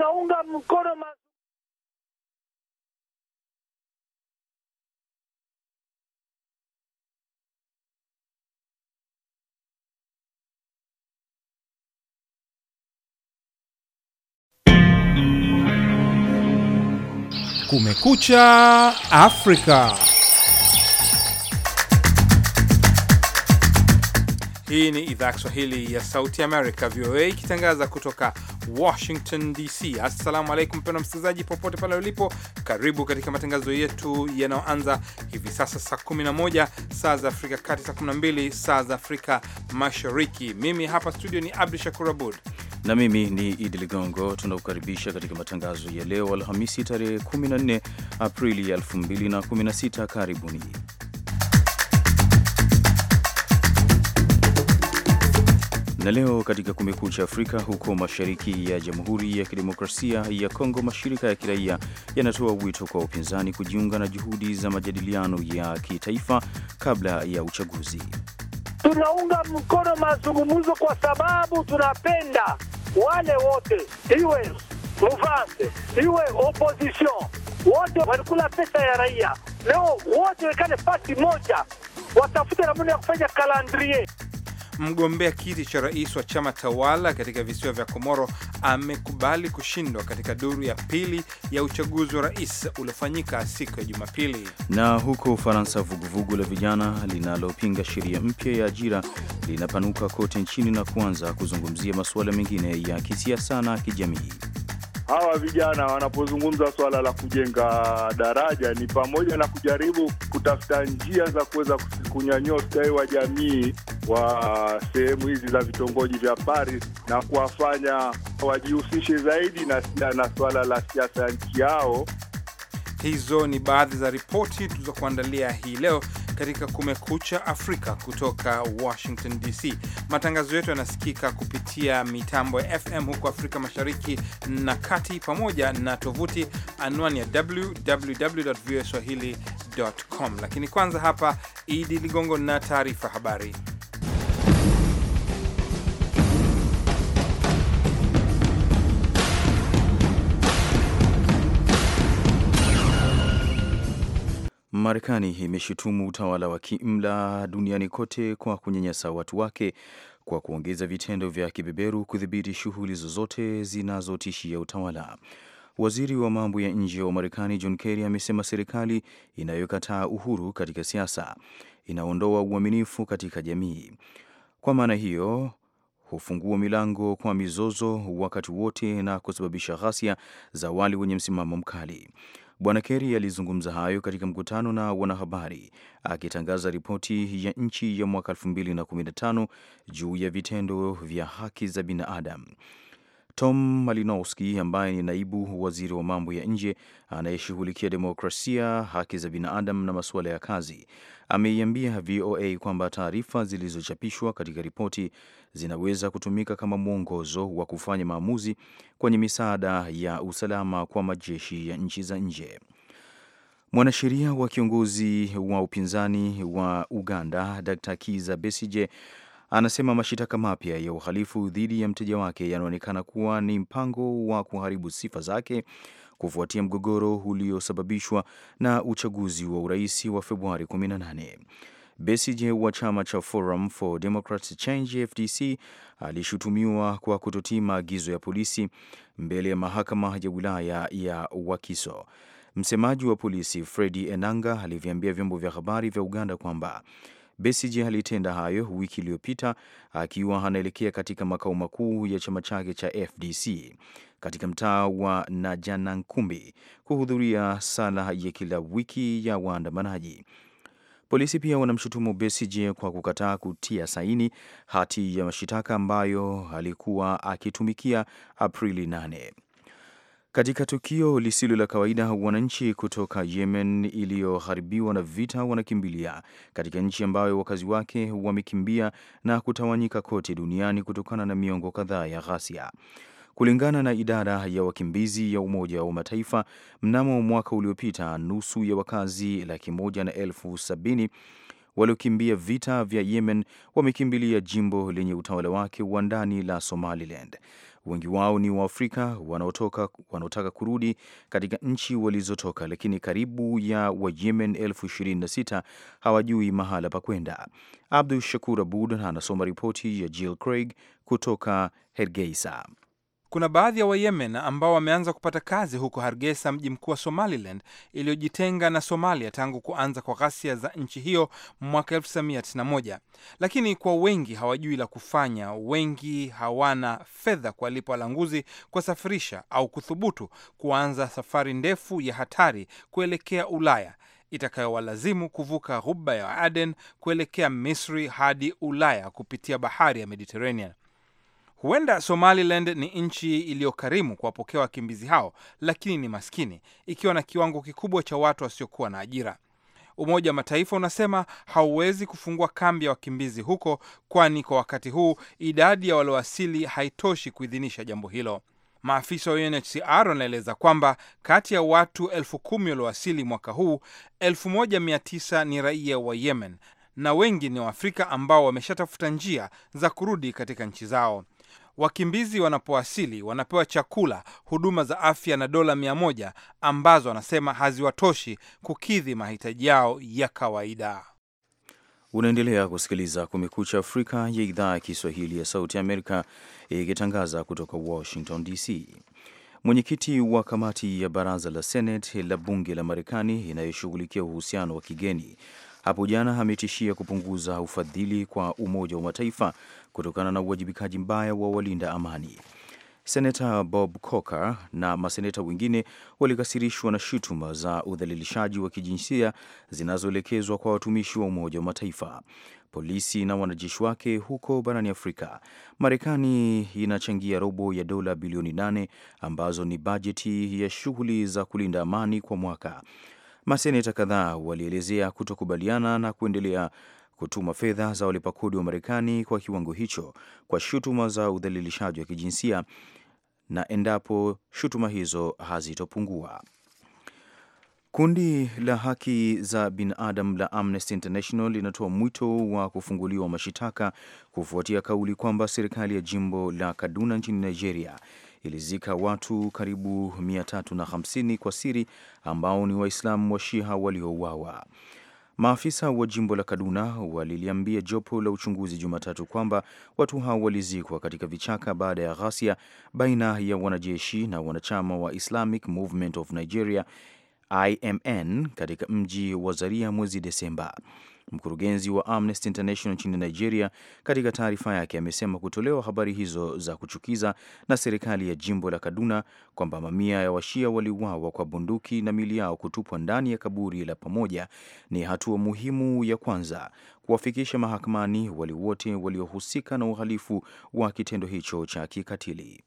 tunaunga mkono ma Kumekucha Afrika. Hii ni idhaa ya Kiswahili ya Sauti Amerika, VOA, ikitangaza kutoka Washington DC. Assalamu alaikum, mpendwa msikilizaji, popote pale ulipo, karibu katika matangazo yetu yanayoanza hivi sasa saa 11 saa za Afrika Kati, saa 12 saa za Afrika Mashariki. Mimi hapa studio ni Abdu Shakur Abud na mimi ni Idi Ligongo. Tunakukaribisha katika matangazo ya leo Alhamisi, tarehe 14 Aprili 2016. Karibuni. Na leo katika Kumekucha Afrika, huko mashariki ya Jamhuri ya Kidemokrasia ya Kongo, mashirika ya kiraia yanatoa wito kwa upinzani kujiunga na juhudi za majadiliano ya kitaifa kabla ya uchaguzi. Tunaunga mkono mazungumzo kwa sababu tunapenda wale wote, iwe muvance iwe opposition, wote walikula pesa ya raia. Leo wote wekane pati moja, watafute namna ya kufanya kalandrie mgombea kiti cha rais wa chama tawala katika visiwa vya Komoro amekubali kushindwa katika duru ya pili ya uchaguzi wa rais uliofanyika siku ya Jumapili. Na huko Ufaransa, vuguvugu la vijana linalopinga sheria mpya ya ajira linapanuka kote nchini na kuanza kuzungumzia masuala mengine ya kisiasa na kijamii hawa vijana wanapozungumza swala la kujenga daraja ni pamoja na kujaribu kutafuta njia za kuweza kunyanyua ustawi wa jamii wa sehemu hizi za vitongoji vya Paris na kuwafanya wajihusishe zaidi na, na swala la siasa ya nchi yao. Hizo ni baadhi za ripoti tulizokuandalia hii leo katika Kumekucha Afrika kutoka Washington DC. Matangazo yetu yanasikika kupitia mitambo ya FM huko Afrika Mashariki na Kati, pamoja na tovuti anwani ya www voa com. Lakini kwanza hapa, Idi Ligongo na taarifa habari. Marekani imeshutumu utawala wa kiimla duniani kote kwa kunyanyasa watu wake kwa kuongeza vitendo vya kibeberu kudhibiti shughuli zozote zinazotishia utawala. Waziri wa mambo ya nje wa Marekani John Kerry amesema serikali inayokataa uhuru katika siasa inaondoa uaminifu katika jamii, kwa maana hiyo hufungua milango kwa mizozo wakati wote na kusababisha ghasia za wale wenye msimamo mkali. Bwana Kerry alizungumza hayo katika mkutano na wanahabari akitangaza ripoti ya nchi ya mwaka 2015 juu ya vitendo vya haki za binadamu Tom Malinowski ambaye ni naibu waziri wa mambo ya nje anayeshughulikia demokrasia, haki za binadamu na masuala ya kazi, ameiambia VOA kwamba taarifa zilizochapishwa katika ripoti zinaweza kutumika kama mwongozo wa kufanya maamuzi kwenye misaada ya usalama kwa majeshi ya nchi za nje. Mwanasheria wa kiongozi wa upinzani wa Uganda Dr. Kiza Besije anasema mashitaka mapya ya uhalifu dhidi ya mteja wake yanaonekana kuwa ni mpango wa kuharibu sifa zake kufuatia mgogoro uliosababishwa na uchaguzi wa urais wa Februari 18. Besigye wa chama cha Forum for Democratic Change FDC alishutumiwa kwa kutotii maagizo ya polisi mbele ya mahakama ya wilaya ya Wakiso. Msemaji wa polisi Fredi Enanga aliviambia vyombo vya habari vya Uganda kwamba Besigye alitenda hayo wiki iliyopita akiwa anaelekea katika makao makuu ya chama chake cha FDC katika mtaa wa Najanankumbi kuhudhuria sala ya kila wiki ya waandamanaji. Polisi pia wanamshutumu Besigye kwa kukataa kutia saini hati ya mashitaka ambayo alikuwa akitumikia Aprili 8. Katika tukio lisilo la kawaida, wananchi kutoka Yemen iliyoharibiwa na vita wanakimbilia katika nchi ambayo wakazi wake wamekimbia na kutawanyika kote duniani kutokana na miongo kadhaa ya ghasia. Kulingana na idara ya wakimbizi ya Umoja wa Mataifa, mnamo mwaka uliopita nusu ya wakazi laki moja na elfu sabini waliokimbia vita vya Yemen wamekimbilia jimbo lenye utawala wake wa ndani la Somaliland. Wengi wao ni Waafrika wanaotoka wanaotaka kurudi katika nchi walizotoka, lakini karibu ya Wayemen elfu ishirini na sita hawajui mahala pa kwenda. Abdu Shakur Abud anasoma ripoti ya Jill Craig kutoka Hergeisa. Kuna baadhi ya Wayemen ambao wameanza kupata kazi huko hargesa mji mkuu wa Somaliland iliyojitenga na Somalia tangu kuanza kwa ghasia za nchi hiyo mwaka 1991 lakini kwa wengi hawajui la kufanya. Wengi hawana fedha kuwalipa walanguzi kuwasafirisha au kuthubutu kuanza safari ndefu ya hatari kuelekea Ulaya itakayowalazimu kuvuka ghuba ya Aden kuelekea Misri hadi Ulaya kupitia bahari ya Mediterranean. Huenda Somaliland ni nchi iliyokarimu kuwapokea wakimbizi hao, lakini ni maskini, ikiwa na kiwango kikubwa cha watu wasiokuwa na ajira. Umoja wa Mataifa unasema hauwezi kufungua kambi ya wakimbizi huko, kwani kwa wakati huu idadi ya waliowasili haitoshi kuidhinisha jambo hilo. Maafisa wa UNHCR wanaeleza kwamba kati ya watu elfu kumi waliowasili mwaka huu, elfu moja mia tisa ni raia wa Yemen na wengi ni Waafrika ambao wameshatafuta njia za kurudi katika nchi zao. Wakimbizi wanapowasili wanapewa chakula, huduma za afya na dola mia moja ambazo anasema haziwatoshi kukidhi mahitaji yao ya kawaida. Unaendelea kusikiliza Kumekucha Afrika ya idhaa ya Kiswahili ya Sauti ya Amerika ikitangaza kutoka Washington DC. Mwenyekiti wa kamati ya baraza la Senate la bunge la Marekani inayoshughulikia uhusiano wa kigeni hapo jana ametishia kupunguza ufadhili kwa Umoja wa Mataifa kutokana na uwajibikaji mbaya wa walinda amani. Senata Bob Corker na maseneta wengine walikasirishwa na shutuma za udhalilishaji wa kijinsia zinazoelekezwa kwa watumishi wa Umoja wa Mataifa, polisi na wanajeshi wake huko barani Afrika. Marekani inachangia robo ya dola bilioni nane ambazo ni bajeti ya shughuli za kulinda amani kwa mwaka. Maseneta kadhaa walielezea kutokubaliana na kuendelea kutuma fedha za walipa kodi wa Marekani kwa kiwango hicho kwa shutuma za udhalilishaji wa kijinsia na endapo shutuma hizo hazitopungua. Kundi la haki za binadamu la Amnesty International linatoa mwito wa kufunguliwa mashitaka kufuatia kauli kwamba serikali ya jimbo la Kaduna nchini Nigeria ilizika watu karibu 350 kwa siri ambao ni Waislamu wa shiha waliouawa. Maafisa wa jimbo la Kaduna waliliambia jopo la uchunguzi Jumatatu kwamba watu hao walizikwa katika vichaka baada ya ghasia baina ya wanajeshi na wanachama wa Islamic Movement of Nigeria IMN katika mji wa Zaria mwezi Desemba. Mkurugenzi wa Amnesty International nchini Nigeria katika taarifa yake amesema kutolewa habari hizo za kuchukiza na serikali ya jimbo la Kaduna kwamba mamia ya washia waliuawa kwa bunduki na mili yao kutupwa ndani ya kaburi la pamoja ni hatua muhimu ya kwanza kuwafikisha mahakamani wale wote waliohusika na uhalifu wa kitendo hicho cha kikatili.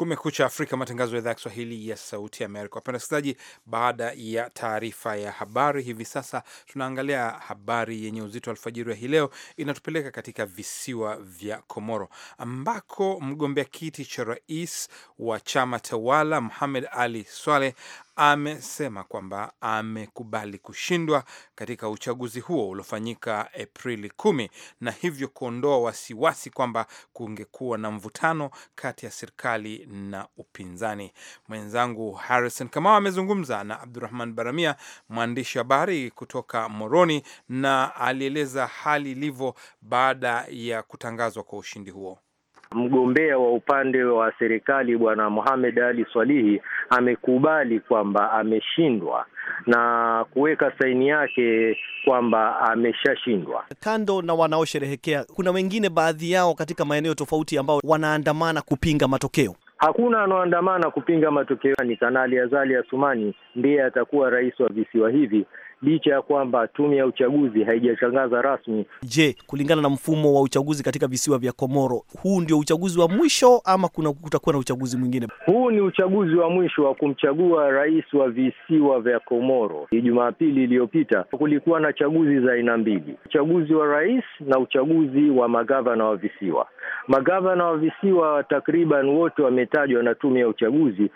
Kumekucha Afrika, matangazo ya idhaa ya Kiswahili ya Sauti Amerika. Wapenda wasikilizaji, baada ya taarifa ya habari, hivi sasa tunaangalia habari yenye uzito wa alfajiri wa hii leo. Inatupeleka katika visiwa vya Komoro ambako mgombea kiti cha rais wa chama tawala Muhamed Ali Swaleh amesema kwamba amekubali kushindwa katika uchaguzi huo uliofanyika Aprili kumi na hivyo kuondoa wasiwasi kwamba kungekuwa na mvutano kati ya serikali na upinzani. Mwenzangu Harrison Kamau amezungumza na Abdurahman Baramia, mwandishi wa habari kutoka Moroni, na alieleza hali ilivyo baada ya kutangazwa kwa ushindi huo mgombea wa upande wa serikali Bwana Mohamed Ali Swalihi amekubali kwamba ameshindwa na kuweka saini yake kwamba ameshashindwa. Kando na wanaosherehekea, kuna wengine baadhi yao katika maeneo tofauti ambao wanaandamana kupinga matokeo. Hakuna anaoandamana kupinga matokeo. Ni Kanali Azali Asumani ndiye atakuwa rais wa visiwa hivi, licha ya kwamba tume ya uchaguzi haijatangaza rasmi. Je, kulingana na mfumo wa uchaguzi katika visiwa vya Komoro, huu ndio uchaguzi wa mwisho ama kuna kutakuwa na uchaguzi mwingine? Huu ni uchaguzi wa mwisho wa kumchagua rais wa visiwa vya Komoro. Jumapili iliyopita kulikuwa na chaguzi za aina mbili, uchaguzi wa rais na uchaguzi wa magavana wa visiwa. Magavana wa visiwa takriban wote wametajwa na tume ya uchaguzi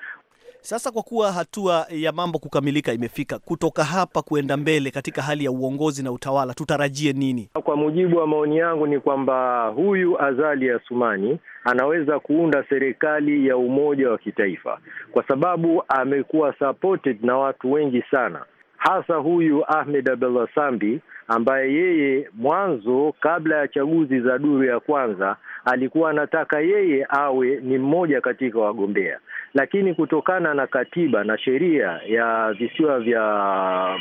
sasa kwa kuwa hatua ya mambo kukamilika imefika, kutoka hapa kuenda mbele katika hali ya uongozi na utawala tutarajie nini? Kwa mujibu wa maoni yangu ni kwamba huyu Azali Asumani anaweza kuunda serikali ya umoja wa kitaifa, kwa sababu amekuwa supported na watu wengi sana, hasa huyu Ahmed Abdallah Sambi ambaye yeye mwanzo, kabla ya chaguzi za duru ya kwanza, alikuwa anataka yeye awe ni mmoja katika wagombea lakini kutokana na katiba na sheria ya visiwa vya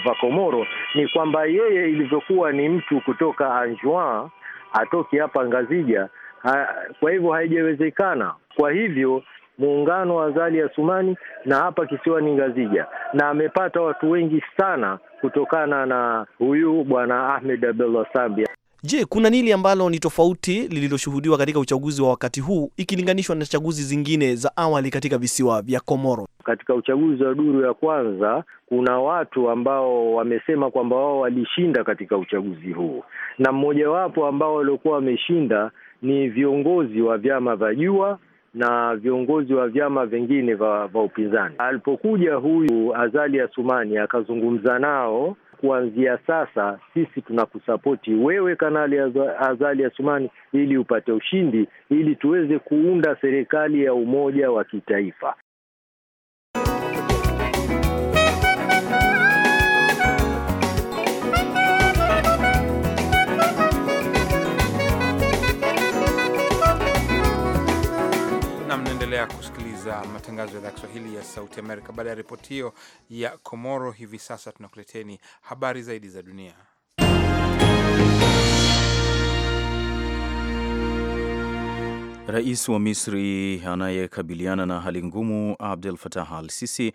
Vakomoro ni kwamba yeye ilivyokuwa ni mtu kutoka Anjouan atoki hapa Ngazija ha, kwa hivyo haijawezekana. Kwa hivyo muungano wa zali ya Sumani na hapa kisiwa ni Ngazija, na amepata watu wengi sana kutokana na huyu bwana Ahmed Abdullah Sambi. Je, kuna nini ambalo ni tofauti lililoshuhudiwa katika uchaguzi wa wakati huu ikilinganishwa na chaguzi zingine za awali katika visiwa vya Komoro? Katika uchaguzi wa duru ya kwanza kuna watu ambao wamesema kwamba wao walishinda katika uchaguzi huu, na mmojawapo ambao waliokuwa wameshinda ni viongozi wa vyama vya jua na viongozi wa vyama vingine vya upinzani. Alipokuja huyu Azali Asumani akazungumza nao kuanzia sasa sisi tunakusapoti wewe, Kanali Azali Asumani, ili upate ushindi, ili tuweze kuunda serikali ya umoja wa kitaifa. kusikiliza kusikiliza matangazo ya idhaa Kiswahili ya Sauti Amerika. Baada ya ripoti hiyo ya Komoro, hivi sasa tunakuleteni habari zaidi za dunia. Rais wa Misri anayekabiliana na hali ngumu Abdel Fattah al-Sisi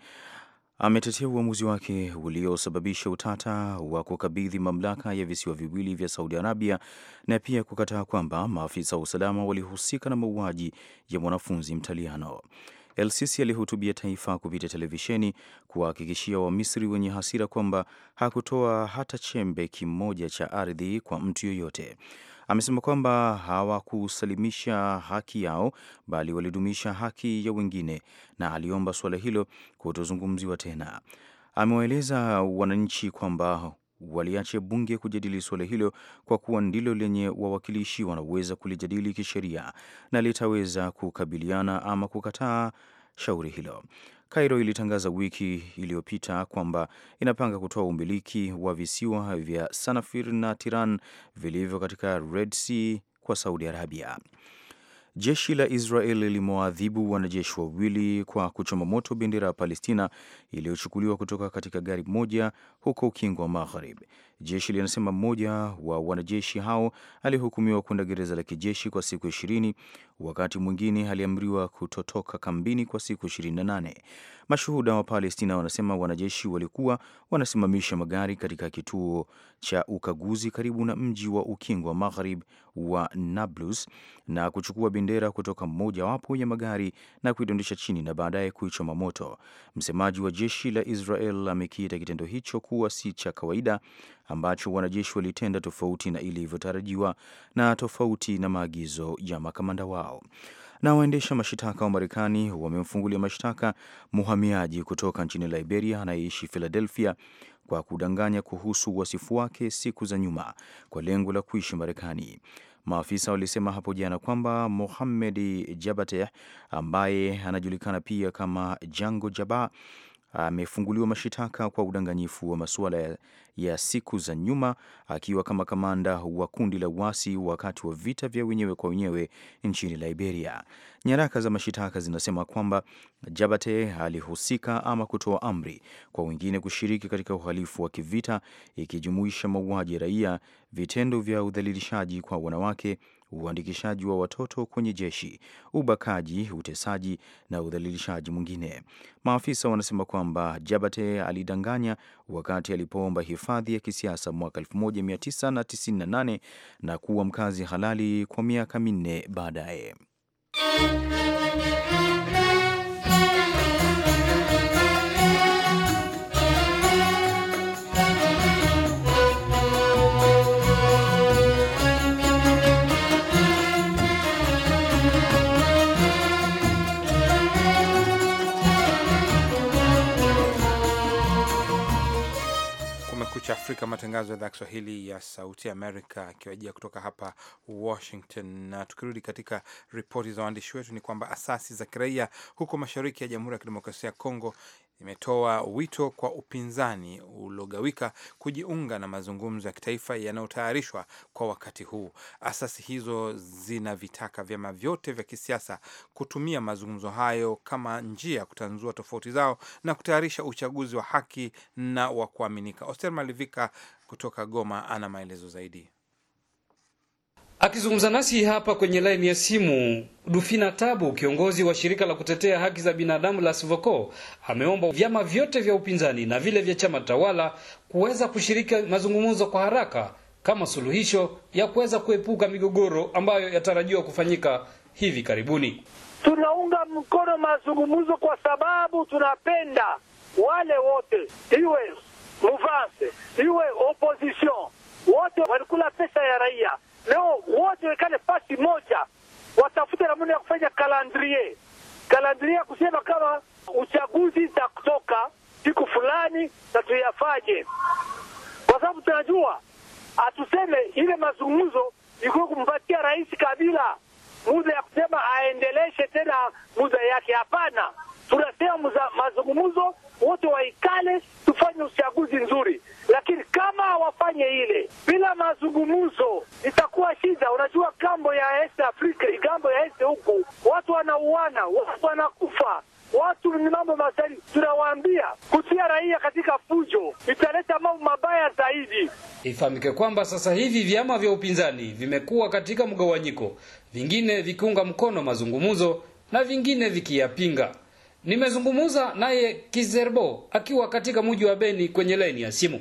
ametetea uamuzi wake uliosababisha utata wa kukabidhi mamlaka ya visiwa viwili vya Saudi Arabia na pia kukataa kwamba maafisa wa usalama walihusika na mauaji ya mwanafunzi Mtaliano. El-Sisi alihutubia taifa kupitia televisheni kuwahakikishia Wamisri wenye hasira kwamba hakutoa hata chembe kimoja cha ardhi kwa mtu yoyote amesema kwamba hawakusalimisha haki yao bali walidumisha haki ya wengine, na aliomba suala hilo kutozungumziwa tena. Amewaeleza wananchi kwamba waliache bunge kujadili suala hilo kwa kuwa ndilo lenye wawakilishi wanaweza kulijadili kisheria na litaweza kukabiliana ama kukataa shauri hilo. Cairo ilitangaza wiki iliyopita kwamba inapanga kutoa umiliki wa visiwa vya Sanafir na Tiran vilivyo katika Red Sea kwa Saudi Arabia. Jeshi la Israel limewaadhibu wanajeshi wawili kwa kuchoma moto bendera ya Palestina iliyochukuliwa kutoka katika gari moja huko Ukingo wa Magharibi. Jeshi linasema mmoja wa wanajeshi hao alihukumiwa kwenda gereza la kijeshi kwa siku ishirini wakati mwingine aliamriwa kutotoka kambini kwa siku 28. Mashuhuda wa Palestina wanasema wanajeshi walikuwa wanasimamisha magari katika kituo cha ukaguzi karibu na mji wa ukingo wa magharibi wa Nablus na kuchukua bendera kutoka mmojawapo ya magari na kuidondosha chini na baadaye kuichoma moto. Msemaji wa jeshi la Israel amekiita kitendo hicho kuwa si cha kawaida ambacho wanajeshi walitenda tofauti na ilivyotarajiwa na tofauti na maagizo ya makamanda wao. Na waendesha mashitaka wa Marekani wamemfungulia mashtaka mhamiaji kutoka nchini Liberia anayeishi Philadelphia kwa kudanganya kuhusu wasifu wake siku za nyuma kwa lengo la kuishi Marekani. Maafisa walisema hapo jana kwamba Mohamed Jabate ambaye anajulikana pia kama Jango Jaba amefunguliwa mashitaka kwa udanganyifu wa masuala ya, ya siku za nyuma akiwa kama kamanda wa kundi la uasi wakati wa vita vya wenyewe kwa wenyewe nchini Liberia. Nyaraka za mashitaka zinasema kwamba Jabate alihusika ama kutoa amri kwa wengine kushiriki katika uhalifu wa kivita ikijumuisha mauaji raia, vitendo vya udhalilishaji kwa wanawake uandikishaji wa watoto kwenye jeshi, ubakaji, utesaji na udhalilishaji mwingine. Maafisa wanasema kwamba Jabate alidanganya wakati alipoomba hifadhi ya kisiasa mwaka 1998 na kuwa mkazi halali kwa miaka minne baadaye. Kumekucha Afrika, matangazo ya idhaa Kiswahili ya Sauti Amerika akiwajia kutoka hapa Washington. Na tukirudi katika ripoti za waandishi wetu, ni kwamba asasi za kiraia huko mashariki ya Jamhuri ya Kidemokrasia ya Kongo imetoa wito kwa upinzani uliogawika kujiunga na mazungumzo ya kitaifa yanayotayarishwa kwa wakati huu. Asasi hizo zinavitaka vyama vyote vya kisiasa kutumia mazungumzo hayo kama njia ya kutanzua tofauti zao na kutayarisha uchaguzi wa haki na wa kuaminika. Oster Malivika kutoka Goma ana maelezo zaidi. Akizungumza nasi hapa kwenye laini ya simu, Dufina Tabu, kiongozi wa shirika la kutetea haki za binadamu la Sivoko, ameomba vyama vyote vya upinzani na vile vya chama tawala kuweza kushiriki mazungumzo kwa haraka kama suluhisho ya kuweza kuepuka migogoro ambayo yatarajiwa kufanyika hivi karibuni. Tunaunga mkono mazungumzo kwa sababu tunapenda wale wote, iwe muvase iwe opposition, wote walikula pesa ya raia leo wote wekane pasi moja, watafute namna ya kufanya kalandrie kalandrie kusema kama uchaguzi za kutoka siku fulani na tuyafanye, kwa sababu tunajua, hatuseme ile mazungumzo ilikuwa kumpatia Rais Kabila muda ya kusema aendeleshe tena muda yake. Hapana, tunasema mazungumzo, wote waikale, tufanye uchaguzi nzuri, lakini kama hawafanye ile bila mazungumzo itakuwa shida. Unajua gambo ya East Africa, gambo ya East huku watu wanauana, watu wanakufa watu mambo mashariki, tunawaambia kutia raia katika fujo italeta mambo mabaya zaidi. Ifahamike kwamba sasa hivi vyama vya upinzani vimekuwa katika mgawanyiko, vingine vikiunga mkono mazungumzo na vingine vikiyapinga. Nimezungumza naye Kizerbo akiwa katika mji wa Beni kwenye laini ya simu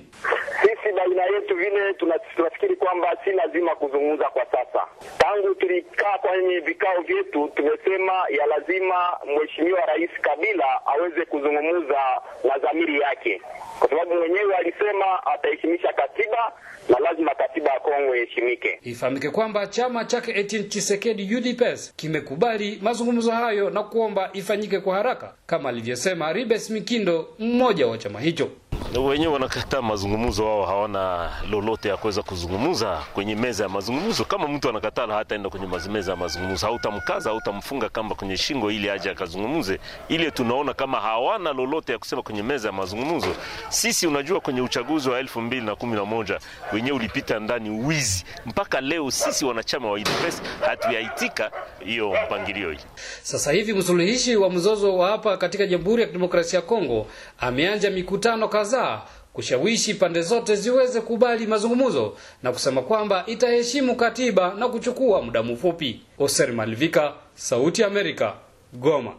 vile tunafikiri kwamba si lazima kuzungumza kwa sasa. Tangu tulikaa kwenye vikao vyetu, tumesema ya lazima mheshimiwa Rais Kabila aweze kuzungumza na dhamiri yake, kwa sababu mwenyewe alisema ataheshimisha katiba na lazima katiba ya Kongo iheshimike. Ifahamike kwamba chama chake Etienne Tshisekedi UDPS kimekubali mazungumzo hayo na kuomba ifanyike kwa haraka kama alivyosema Ribes Mikindo, mmoja wa chama hicho wenyewe wanakataa mazungumzo, wao hawana lolote ya kuweza kuzungumza kwenye meza ya mazungumzo. Kama mtu hata enda kwenye meza ya mazungumzo, hautamkaza hautamfunga kamba kwenye shingo ili aje akazungumze. Ile tunaona kama hawana lolote ya kusema kwenye meza ya mazungumzo. Sisi unajua, kwenye uchaguzi wa 2011 wenyewe ulipita ndani wizi, mpaka leo sisi wanachama wa UDPS hatuyaitika hiyo mpangilio hii. Sasa hivi msuluhishi wa mzozo wa hapa katika Jamhuri ya Kidemokrasia ya Kongo ameanza mikutano kadhaa kadhaa kushawishi pande zote ziweze kubali mazungumzo na kusema kwamba itaheshimu katiba na kuchukua muda mfupi. Oser Malvika, Sauti Amerika, Goma.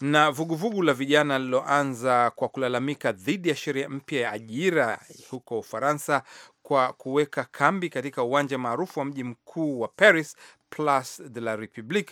Na vuguvugu vugu la vijana liloanza kwa kulalamika dhidi ya sheria mpya ya ajira huko Ufaransa kwa kuweka kambi katika uwanja maarufu wa mji mkuu wa Paris Place de la Republique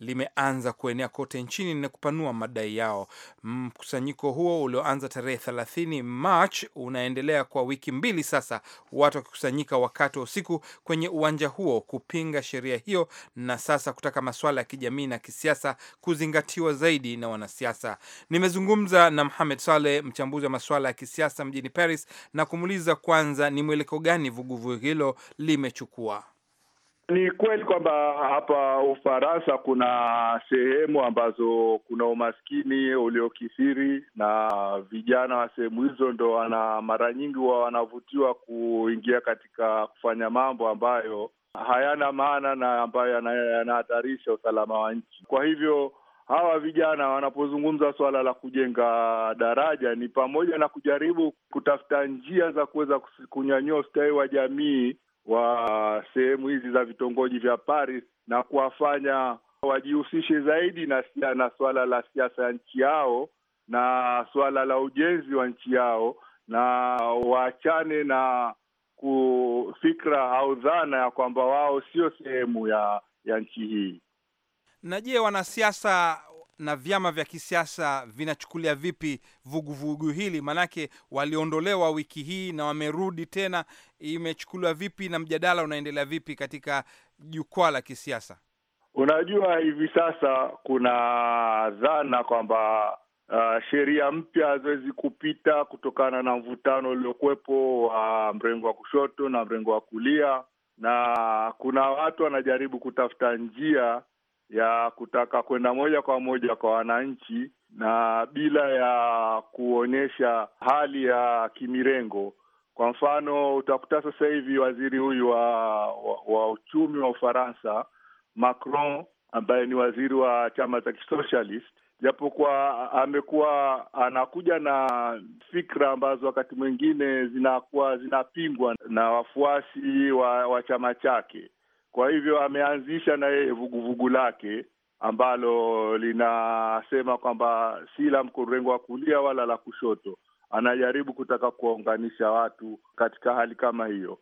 limeanza kuenea kote nchini na kupanua madai yao. Mkusanyiko huo ulioanza tarehe 30 March unaendelea kwa wiki mbili sasa, watu wakikusanyika wakati wa usiku kwenye uwanja huo kupinga sheria hiyo, na sasa kutaka masuala ya kijamii na kisiasa kuzingatiwa zaidi na wanasiasa. Nimezungumza na Mohamed Saleh, mchambuzi wa masuala ya kisiasa mjini Paris, na kumuuliza kwanza ni mwelekeo gani vuguvugu hilo limechukua. Ni kweli kwamba hapa Ufaransa kuna sehemu ambazo kuna umaskini uliokithiri na vijana wa sehemu hizo ndo wana mara nyingi wa wanavutiwa kuingia katika kufanya mambo ambayo hayana maana na ambayo yanahatarisha usalama wa nchi. Kwa hivyo hawa vijana wanapozungumza suala la kujenga daraja ni pamoja na kujaribu kutafuta njia za kuweza kunyanyua ustawi wa jamii wa sehemu hizi za vitongoji vya Paris na kuwafanya wajihusishe zaidi na, na suala la siasa ya nchi yao na suala la ujenzi wa nchi yao na waachane na kufikra au dhana ya kwamba wao sio sehemu ya ya nchi hii. Na je, wanasiasa na vyama vya kisiasa vinachukulia vipi vuguvugu hili? Maanake waliondolewa wiki hii na wamerudi tena, imechukuliwa vipi na mjadala unaendelea vipi katika jukwaa la kisiasa? Unajua, hivi sasa kuna dhana kwamba uh, sheria mpya haziwezi kupita kutokana na mvutano uliokuwepo wa uh, mrengo wa kushoto na mrengo wa kulia, na kuna watu wanajaribu kutafuta njia ya kutaka kwenda moja kwa moja kwa wananchi na bila ya kuonyesha hali ya kimirengo. Kwa mfano, utakuta sasa hivi waziri huyu wa, wa, wa uchumi wa Ufaransa Macron ambaye ni waziri wa chama cha kisocialist, japokuwa amekuwa anakuja na fikra ambazo wakati mwingine zinakuwa zinapingwa na wafuasi wa, wa chama chake kwa hivyo ameanzisha na yeye vuguvugu lake ambalo linasema kwamba si la mrengo wa kulia wala la kushoto. Anajaribu kutaka kuwaunganisha watu katika hali kama hiyo.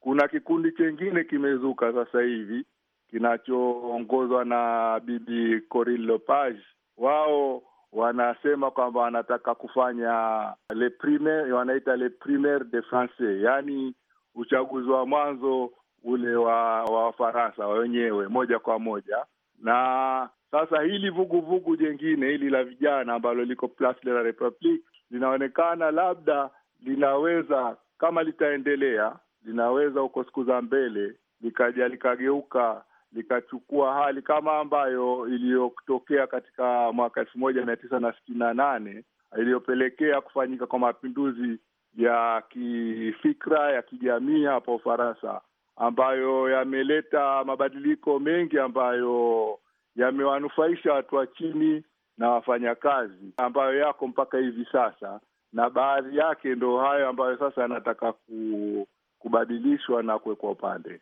Kuna kikundi chengine kimezuka sasa hivi kinachoongozwa na Bibi Corinne Lepage. Wao wanasema kwamba wanataka kufanya le primaire, wanaita le primaire de francais, yaani uchaguzi wa mwanzo ule wa Wafaransa wenyewe moja kwa moja. Na sasa hili vuguvugu jengine hili la vijana ambalo liko Place de la Republique linaonekana labda linaweza kama litaendelea, linaweza huko siku za mbele likaja likageuka likachukua hali kama ambayo iliyotokea katika mwaka elfu moja mia tisa na sitini na nane iliyopelekea kufanyika kwa mapinduzi ya kifikra ya kijamii hapa Ufaransa, ambayo yameleta mabadiliko mengi ambayo yamewanufaisha watu wa chini na wafanyakazi, ambayo yako mpaka hivi sasa, na baadhi yake ndo hayo ambayo sasa yanataka ku kubadilishwa na kuwekwa upande.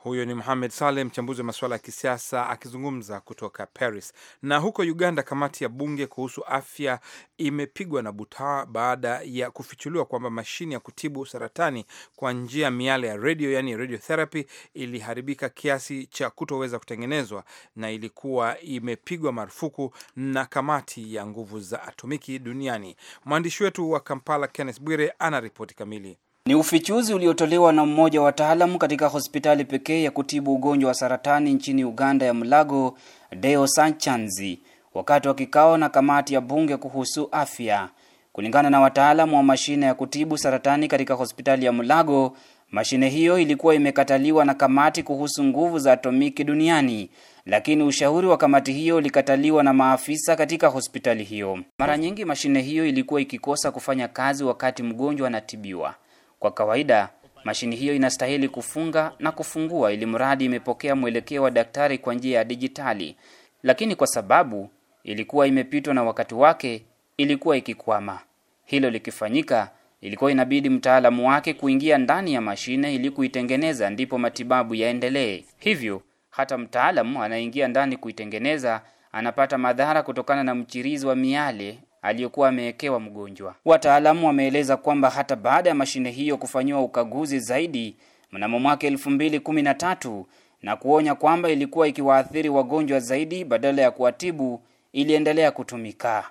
Huyo ni muhamed Saleh, mchambuzi wa masuala ya kisiasa akizungumza kutoka Paris. Na huko Uganda, kamati ya bunge kuhusu afya imepigwa na butaa baada ya kufichuliwa kwamba mashine ya kutibu saratani kwa njia miale ya radio, yani radiotherapy, iliharibika kiasi cha kutoweza kutengenezwa na ilikuwa imepigwa marufuku na kamati ya nguvu za atomiki duniani. Mwandishi wetu wa Kampala, Kenneth Bwire, ana ripoti kamili. Ni ufichuzi uliotolewa na mmoja wa wataalamu katika hospitali pekee ya kutibu ugonjwa wa saratani nchini Uganda ya Mulago, Deo Sanchanzi, wakati wa kikao na kamati ya bunge kuhusu afya. Kulingana na wataalamu wa mashine ya kutibu saratani katika hospitali ya Mulago, mashine hiyo ilikuwa imekataliwa na kamati kuhusu nguvu za atomiki duniani, lakini ushauri wa kamati hiyo ulikataliwa na maafisa katika hospitali hiyo. Mara nyingi mashine hiyo ilikuwa ikikosa kufanya kazi wakati mgonjwa anatibiwa. Kwa kawaida mashini hiyo inastahili kufunga na kufungua ili mradi imepokea mwelekeo wa daktari kwa njia ya dijitali, lakini kwa sababu ilikuwa imepitwa na wakati wake, ilikuwa ikikwama. Hilo likifanyika, ilikuwa inabidi mtaalamu wake kuingia ndani ya mashine ili kuitengeneza, ndipo matibabu yaendelee. Hivyo hata mtaalamu anaingia ndani kuitengeneza anapata madhara kutokana na mchirizi wa miale aliyokuwa amewekewa mgonjwa. Wataalamu wameeleza kwamba hata baada ya mashine hiyo kufanyiwa ukaguzi zaidi mnamo mwaka 2013 na kuonya kwamba ilikuwa ikiwaathiri wagonjwa zaidi badala ya kuwatibu, iliendelea kutumika.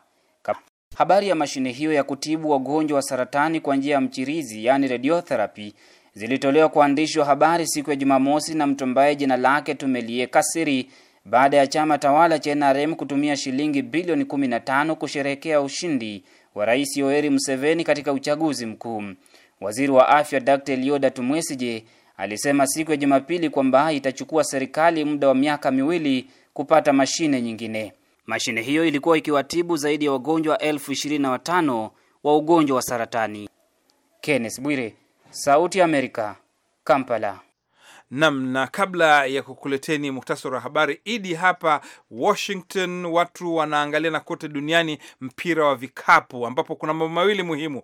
Habari ya mashine hiyo ya kutibu wagonjwa wa saratani kwa njia ya mchirizi, yani radiotherapy, zilitolewa kwa waandishi wa habari siku ya Jumamosi na mtu ambaye jina lake tumelie kasiri baada ya chama tawala cha NRM kutumia shilingi bilioni 15 kusherehekea ushindi wa Rais Yoweri Museveni katika uchaguzi mkuu. Waziri wa Afya Dr Elioda Tumwesije alisema siku ya Jumapili kwamba itachukua serikali muda wa miaka miwili kupata mashine nyingine. Mashine hiyo ilikuwa ikiwatibu zaidi ya wagonjwa elfu ishirini na watano wa ugonjwa wa saratani. Kenneth Bwire, Sauti ya Amerika, Kampala. Nam, na kabla ya kukuleteni muktasari wa habari idi hapa Washington, watu wanaangalia na kote duniani mpira wa vikapu, ambapo kuna mambo mawili muhimu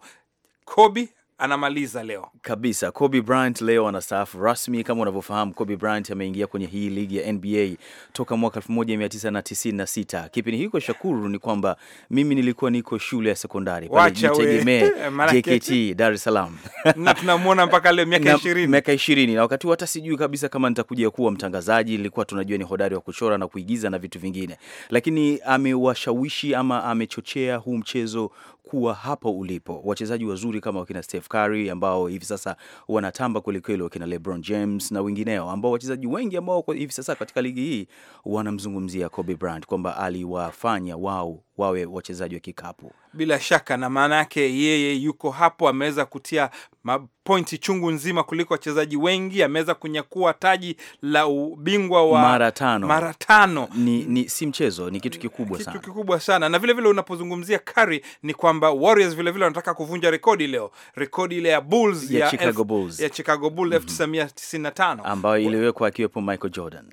Kobe anamaliza leo kabisa. Kobe Bryant leo anastaafu rasmi. Kama unavyofahamu, Kobe Bryant ameingia kwenye hii ligi ya NBA toka mwaka 1996. Kipindi hiko Shakuru, ni kwamba mimi nilikuwa niko shule ya sekondari pale Jitegemee JKT Dar es Salaam, na tunamwona mpaka leo miaka 20 miaka 20, na wakati hata sijui kabisa kama nitakuja kuwa mtangazaji. Nilikuwa tunajua ni hodari wa kuchora na kuigiza na vitu vingine, lakini amewashawishi ama amechochea huu mchezo kuwa hapo ulipo. Wachezaji wazuri kama wakina Steph Curry ambao hivi sasa wanatamba kwelikweli, wakina LeBron James na wengineo, ambao wachezaji wengi ambao hivi sasa katika ligi hii wanamzungumzia Kobe Bryant kwamba aliwafanya wao wawe wachezaji wa kikapu bila shaka, na maana yake yeye yuko hapo, ameweza kutia mapointi chungu nzima kuliko wachezaji wengi, ameweza kunyakua taji la ubingwa wa mara tano. Mara tano ni, ni si mchezo, ni kitu kikubwa sana, kitu kikubwa sana. Na vile vile unapozungumzia Curry ni kwamba Warriors vile vile wanataka kuvunja rekodi leo, rekodi ile ya Bulls ya, ya Chicago F, Bulls ya Chicago Bulls 1995 mhm. ambayo iliwekwa akiwepo Michael Jordan.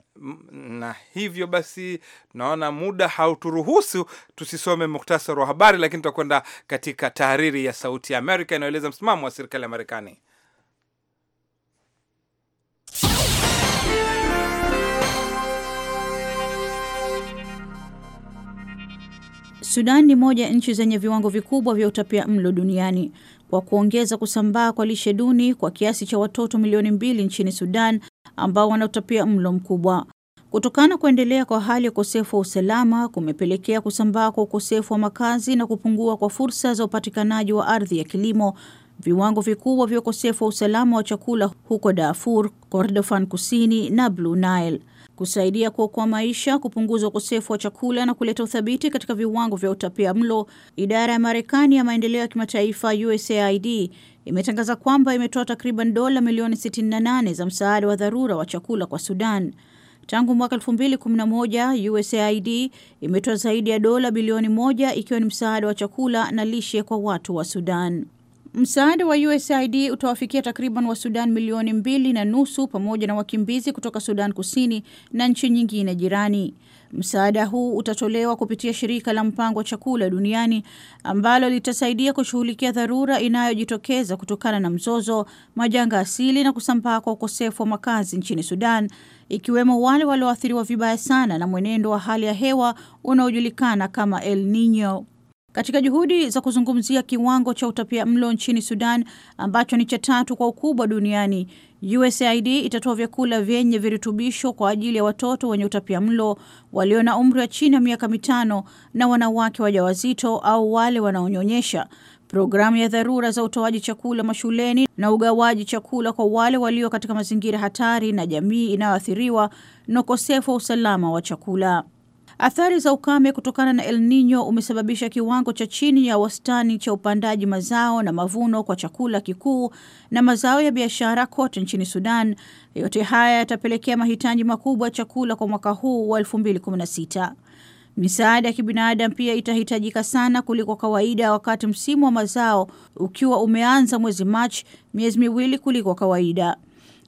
Na hivyo basi, naona muda hauturuhusu tusisome muktasari wa habari, lakini kwenda katika tahariri ya Sauti ya Amerika inayoeleza msimamo wa serikali ya Marekani. Sudan ni moja ya nchi zenye viwango vikubwa vya utapia mlo duniani kwa kuongeza kusambaa kwa lishe duni kwa kiasi cha watoto milioni mbili nchini Sudan ambao wana utapia mlo mkubwa. Kutokana kuendelea kwa hali ya ukosefu wa usalama kumepelekea kusambaa kwa ukosefu wa makazi na kupungua kwa fursa za upatikanaji wa ardhi ya kilimo. Viwango vikubwa vya ukosefu wa usalama wa chakula huko Darfur, Kordofan Kusini na Blue Nile. Kusaidia kuokoa maisha, kupunguza ukosefu wa chakula na kuleta uthabiti katika viwango vya utapia mlo, idara ya Marekani ya maendeleo ya kimataifa USAID imetangaza kwamba imetoa takriban dola milioni 68 za msaada wa dharura wa chakula kwa Sudan. Tangu mwaka 2011 USAID imetoa zaidi ya dola bilioni moja ikiwa ni msaada wa chakula na lishe kwa watu wa Sudan. Msaada wa USAID utawafikia takriban wa Sudan milioni mbili na nusu pamoja na wakimbizi kutoka Sudan Kusini na nchi nyingine jirani. Msaada huu utatolewa kupitia shirika la mpango wa chakula duniani ambalo litasaidia kushughulikia dharura inayojitokeza kutokana na mzozo, majanga asili na kusambaa kwa ukosefu wa makazi nchini Sudan, ikiwemo wale walioathiriwa vibaya sana na mwenendo wa hali ya hewa unaojulikana kama El Nino. Katika juhudi za kuzungumzia kiwango cha utapia mlo nchini Sudan ambacho ni cha tatu kwa ukubwa duniani, USAID itatoa vyakula vyenye virutubisho kwa ajili ya watoto wenye utapia mlo walio na umri wa chini ya miaka mitano na wanawake wajawazito au wale wanaonyonyesha, programu ya dharura za utoaji chakula mashuleni na ugawaji chakula kwa wale walio katika mazingira hatari na jamii inayoathiriwa na ukosefu wa usalama wa chakula. Athari za ukame kutokana na El Nino umesababisha kiwango cha chini ya wastani cha upandaji mazao na mavuno kwa chakula kikuu na mazao ya biashara kote nchini Sudan. Yote haya yatapelekea mahitaji makubwa ya chakula kwa mwaka huu wa 2016. Misaada ya kibinadamu pia itahitajika sana kuliko kawaida, wakati msimu wa mazao ukiwa umeanza mwezi Machi, miezi miwili kuliko kawaida.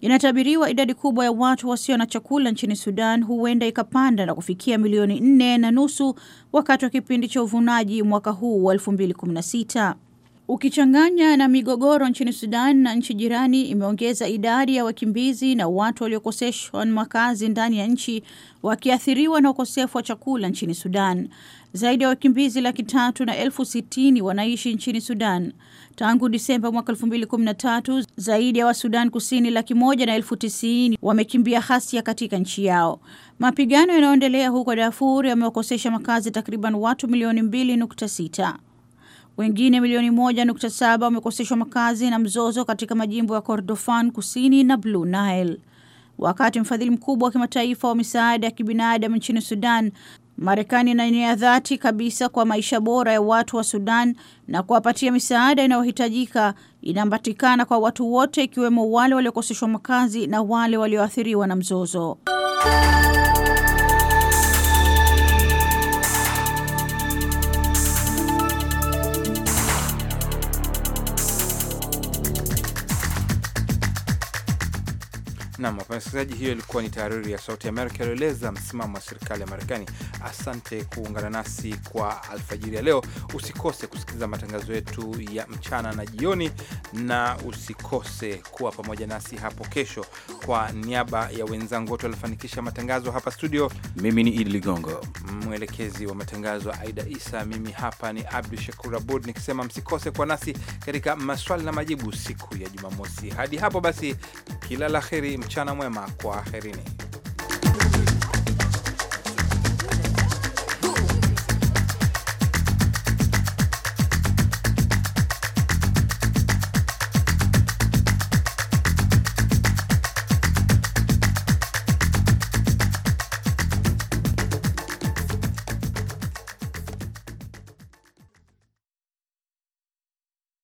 Inatabiriwa idadi kubwa ya watu wasio na chakula nchini Sudan huenda ikapanda na kufikia milioni nne na nusu wakati wa kipindi cha uvunaji mwaka huu wa 2016 ukichanganya na migogoro nchini Sudan na nchi jirani imeongeza idadi ya wakimbizi na watu waliokoseshwa makazi ndani ya nchi wakiathiriwa na ukosefu wa chakula nchini Sudan. Zaidi ya wakimbizi laki tatu na elfu sitini wanaishi nchini Sudan tangu Disemba mwaka elfu mbili kumi na tatu. Zaidi ya Wasudan Kusini laki moja na elfu tisini wamekimbia hasia katika nchi yao. Mapigano yanayoendelea huko Darfur yamewakosesha makazi takriban watu milioni mbili nukta sita. Wengine milioni moja nukta saba wamekoseshwa makazi na mzozo katika majimbo ya Kordofan kusini na Blue Nile. Wakati mfadhili mkubwa wa kimataifa wa misaada ya kibinadamu nchini Sudan, Marekani ina nia dhati kabisa kwa maisha bora ya watu wa Sudan na kuwapatia misaada inayohitajika inambatikana kwa watu wote, ikiwemo wale waliokoseshwa makazi na wale walioathiriwa na mzozo. Nam wapenda wasikilizaji, hiyo ilikuwa ni tahariri ya Sauti Amerika iliyoeleza msimamo wa serikali ya Marekani. Asante kuungana nasi kwa alfajiri ya leo. Usikose kusikiliza matangazo yetu ya mchana na jioni, na usikose kuwa pamoja nasi hapo kesho. Kwa niaba ya wenzangu wote waliofanikisha matangazo hapa studio, mimi ni Idi Ligongo, mwelekezi wa matangazo Aida Isa, mimi hapa ni Abdu Shakur Abud nikisema msikose kwa nasi katika maswali na majibu siku ya Jumamosi. Hadi hapo basi, kila la heri mchana mwema, aherini